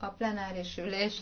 a plenáris ülést